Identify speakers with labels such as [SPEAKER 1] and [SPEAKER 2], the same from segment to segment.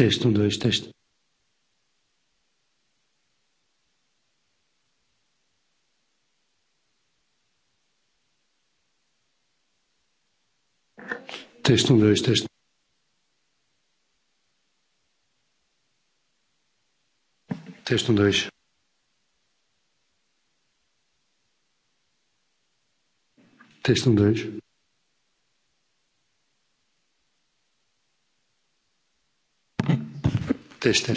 [SPEAKER 1] trăiești, nu doieștești. Trăiești, nu doieștești. Trăiești, nu doiești. Trăiești, nu testen.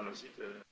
[SPEAKER 2] anumite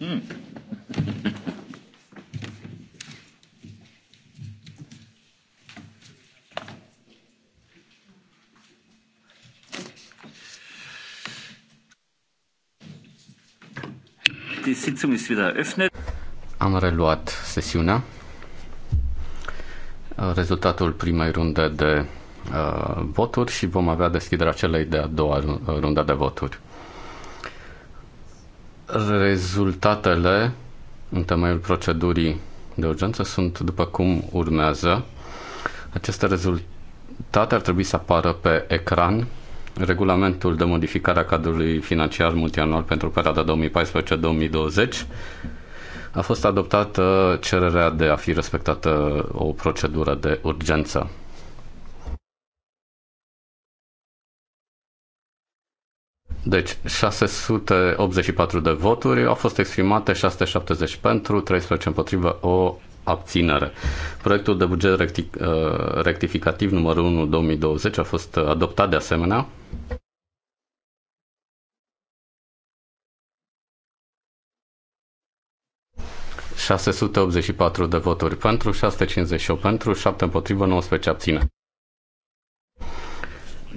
[SPEAKER 2] Mm.
[SPEAKER 1] Am reluat sesiunea. Rezultatul primei runde de uh, voturi și vom avea deschiderea celei de-a doua runde de voturi. Rezultatele în temeiul procedurii de urgență sunt după cum urmează. Aceste rezultate ar trebui să apară pe ecran. Regulamentul de modificare a cadrului financiar multianual pentru perioada 2014-2020 a fost adoptată cererea de a fi respectată o procedură de urgență. Deci 684 de voturi au fost exprimate, 670 pentru, 13 împotrivă, o abținere. Proiectul de buget recti- uh, rectificativ numărul 1 2020 a fost adoptat de asemenea. ...684 de voturi pentru, 658 pentru, 7 împotrivă, 19 abține.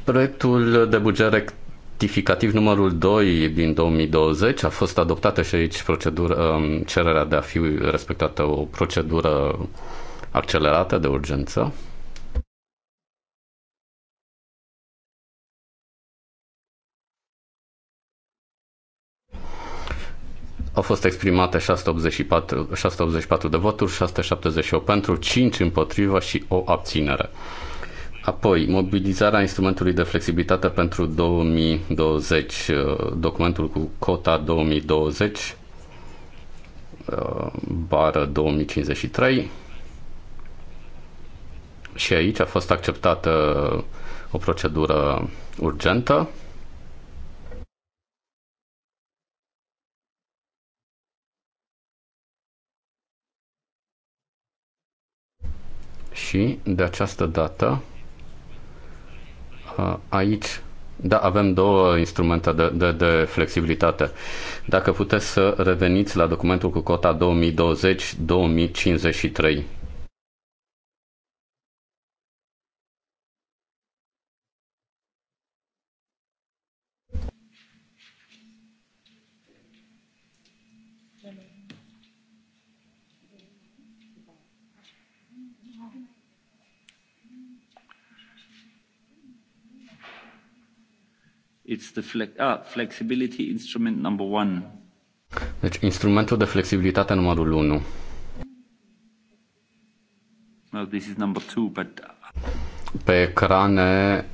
[SPEAKER 1] Proiectul de buget rectificativ numărul 2 din 2020 a fost adoptată și aici procedură, um, cererea de a fi respectată o procedură accelerată de urgență. Au fost exprimate 684, 684 de voturi, 678 pentru, 5 împotriva și o abținere. Apoi, mobilizarea instrumentului de flexibilitate pentru 2020, uh, documentul cu cota 2020, uh, bară 2053. Și aici a fost acceptată o procedură urgentă. Și de această dată aici da, avem două instrumente de, de, de flexibilitate. Dacă puteți să reveniți la documentul cu cota 2020-2053 Ah, deci instrumentul de flexibilitate numărul 1. Well, this is number two, but... Uh, Pe ecrane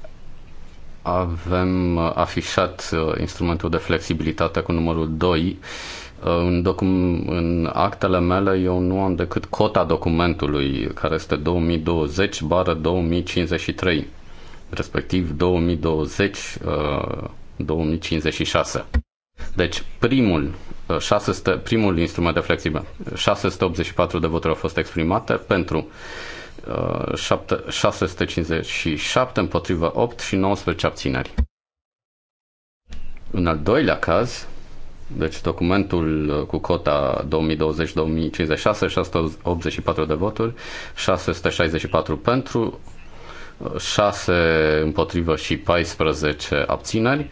[SPEAKER 1] avem uh, afișat uh, instrumentul de flexibilitate cu numărul 2. În, docum- în actele mele eu nu am decât cota documentului, care este 2020 bară 2053 respectiv 2020-2056. Uh, deci primul 600, uh, primul instrument de flexibil. 684 de voturi au fost exprimate pentru 7, 657 împotriva 8 și 19 abțineri. În al doilea caz, deci documentul uh, cu cota 2020-2056, 684 de voturi, 664 pentru, 6 împotrivă și 14 abțineri.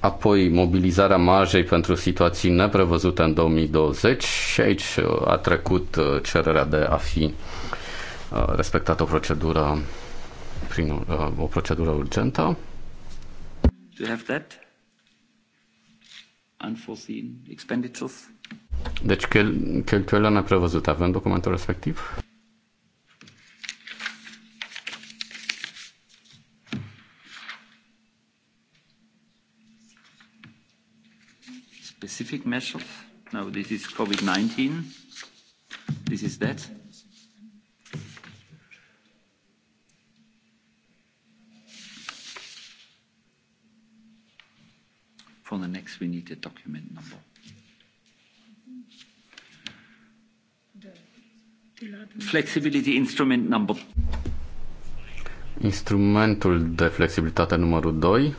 [SPEAKER 1] Apoi mobilizarea marjei pentru situații neprevăzute în 2020 și aici uh, a trecut uh, cererea de a fi uh, respectată o procedură prin o procedură urgentă.
[SPEAKER 2] Do you have that?
[SPEAKER 1] Unforeseen expenditures? Deci cheltuielile neprevăzute. Avem documentul respectiv? specific measures. No, this is covid nineteen This is that. For the next, we need a document number. Flexibility instrument number. Instrumentul de flexibilitate numărul doi.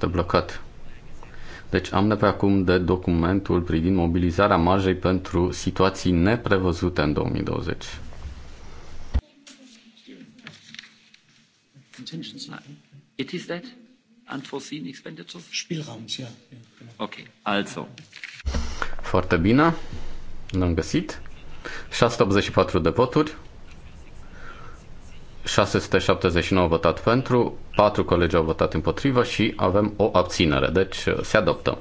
[SPEAKER 1] este blocat. Deci am nevoie acum de documentul privind mobilizarea marjei pentru situații neprevăzute în 2020. It
[SPEAKER 2] is that unforeseen expenditures? Spielraum, ja.
[SPEAKER 1] Ok, also. Foarte bine, l-am găsit. 684 de voturi. 679 votat pentru, 4 colegi au votat împotrivă și avem o abținere, deci uh, se adoptă.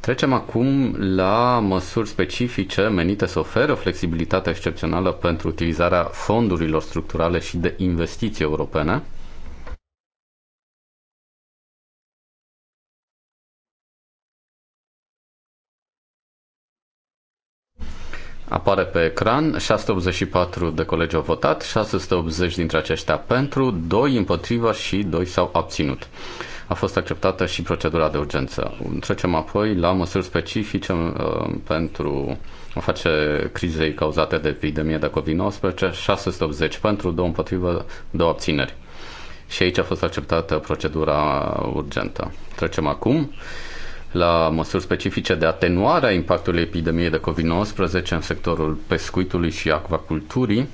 [SPEAKER 1] Trecem acum la măsuri specifice menite să oferă flexibilitate excepțională pentru utilizarea fondurilor structurale și de investiții europene. apare pe ecran, 684 de colegi au votat, 680 dintre aceștia pentru, 2 împotriva și 2 s-au abținut. A fost acceptată și procedura de urgență. Trecem apoi la măsuri specifice uh, pentru a face crizei cauzate de epidemie de COVID-19, 680 pentru, 2 împotriva, 2 abțineri. Și aici a fost acceptată procedura urgentă. Trecem acum la măsuri specifice de atenuare a impactului epidemiei de COVID-19 în sectorul pescuitului și acvaculturii.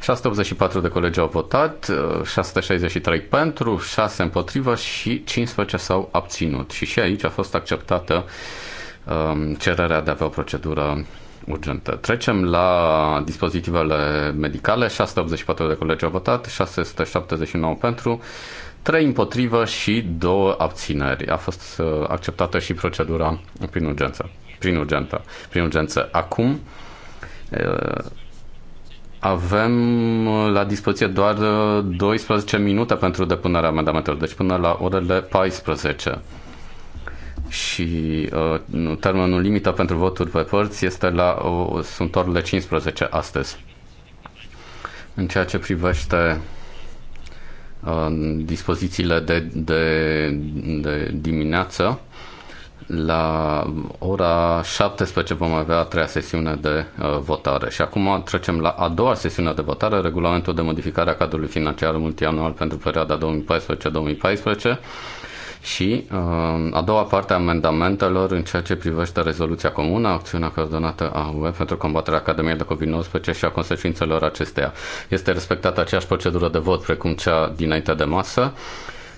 [SPEAKER 1] 684 de colegi au votat, 663 pentru, 6 împotrivă și 15 s-au abținut. Și și aici a fost acceptată um, cererea de a avea o procedură urgentă. Trecem la dispozitivele medicale. 684 de colegi au votat, 679 pentru, 3 împotrivă și 2 abțineri. A fost uh, acceptată și procedura prin urgență. Prin urgență. Prin urgență. Acum uh, avem la dispoziție doar 12 uh, minute pentru depunerea amendamentelor, deci până la orele 14. Și uh, termenul limită pentru voturi pe părți este la, uh, sunt orele 15 astăzi. În ceea ce privește dispozițiile de, de, de dimineață. La ora 17 vom avea a treia sesiune de uh, votare. Și acum trecem la a doua sesiune de votare, regulamentul de modificare a cadrului financiar multianual pentru perioada 2014-2014 și uh, a doua parte a amendamentelor în ceea ce privește rezoluția comună, acțiunea coordonată a UE pentru combaterea Academiei de COVID-19 și a consecințelor acesteia. Este respectată aceeași procedură de vot precum cea dinainte de masă.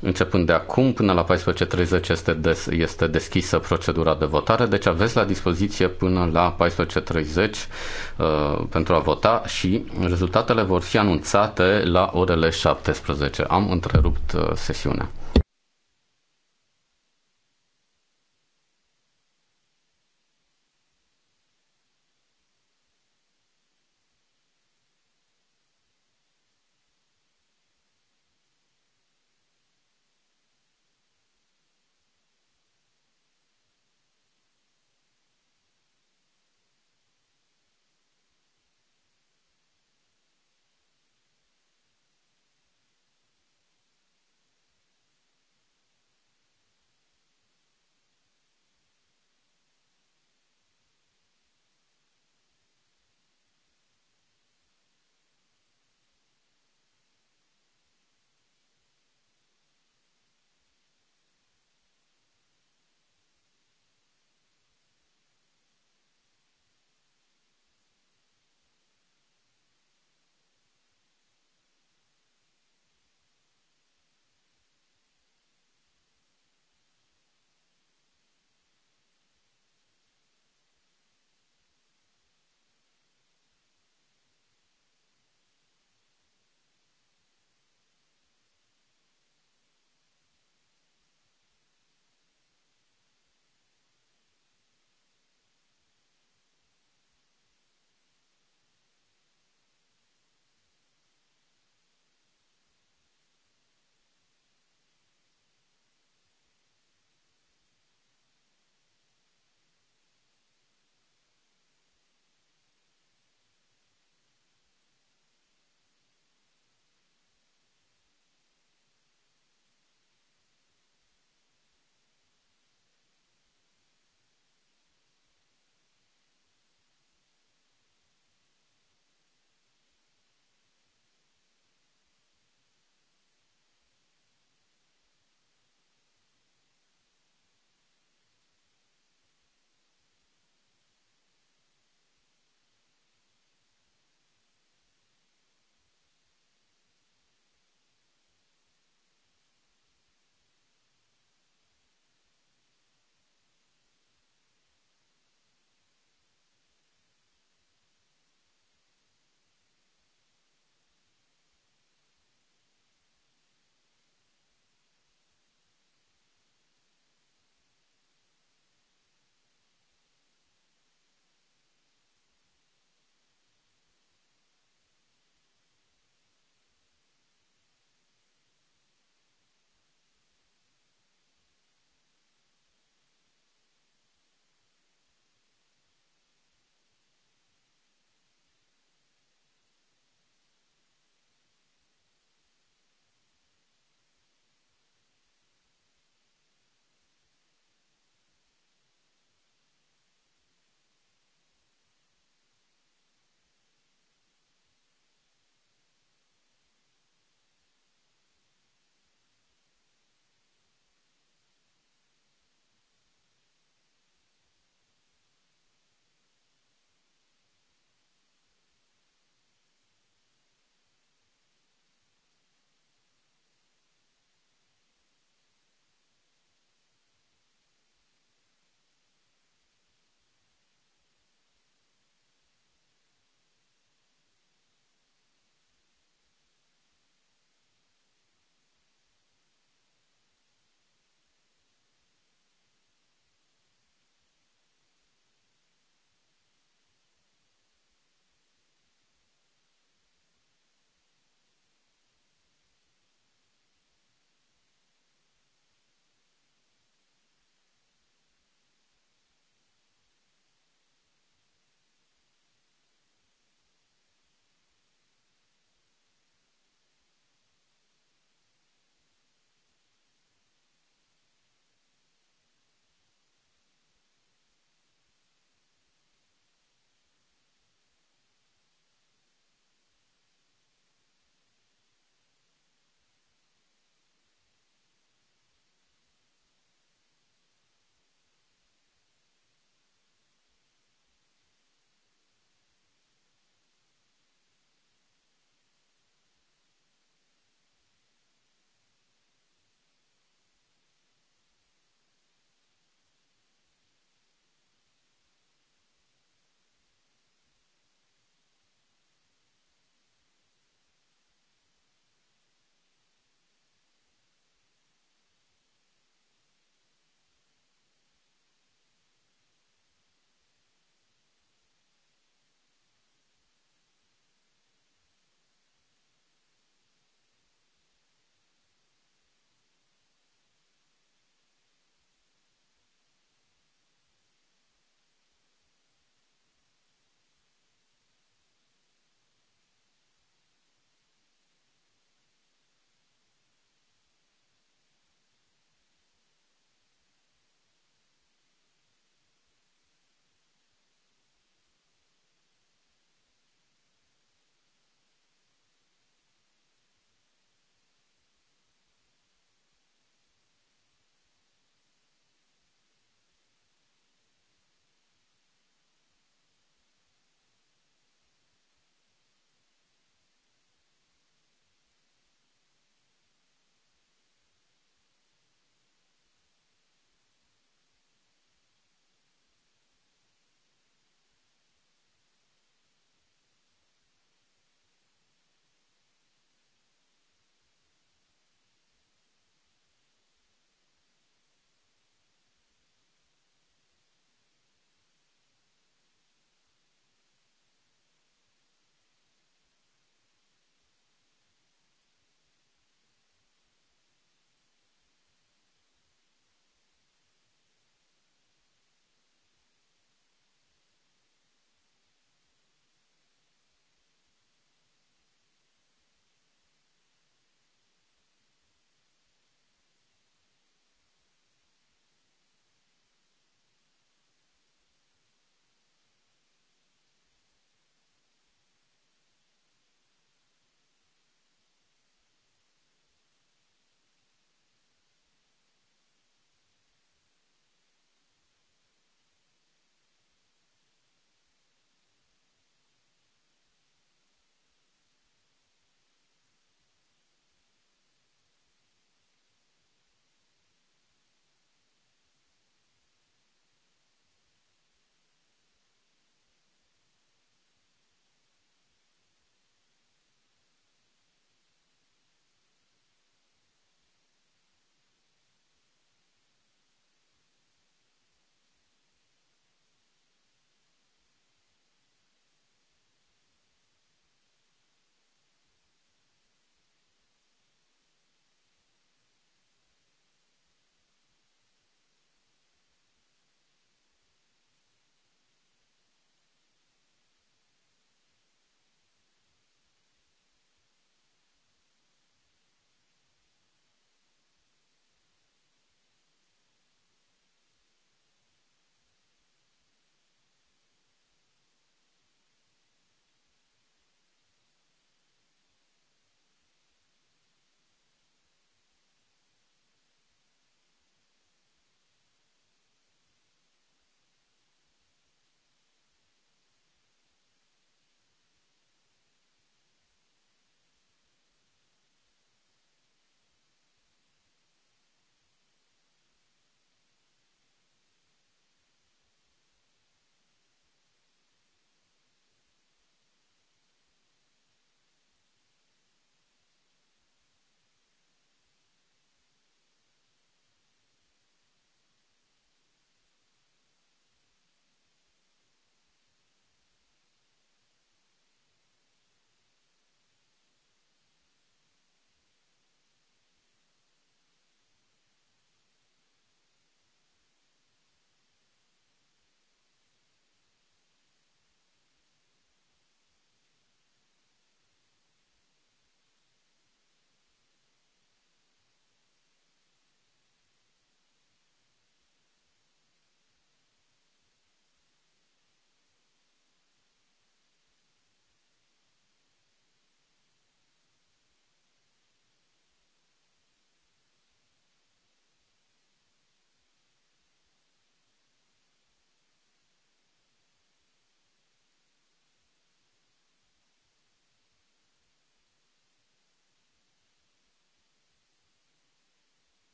[SPEAKER 1] Începând de acum până la 14.30 este, des, este deschisă procedura de votare, deci aveți la dispoziție până la 14.30 uh, pentru a vota și rezultatele vor fi anunțate la orele 17. Am întrerupt uh, sesiunea.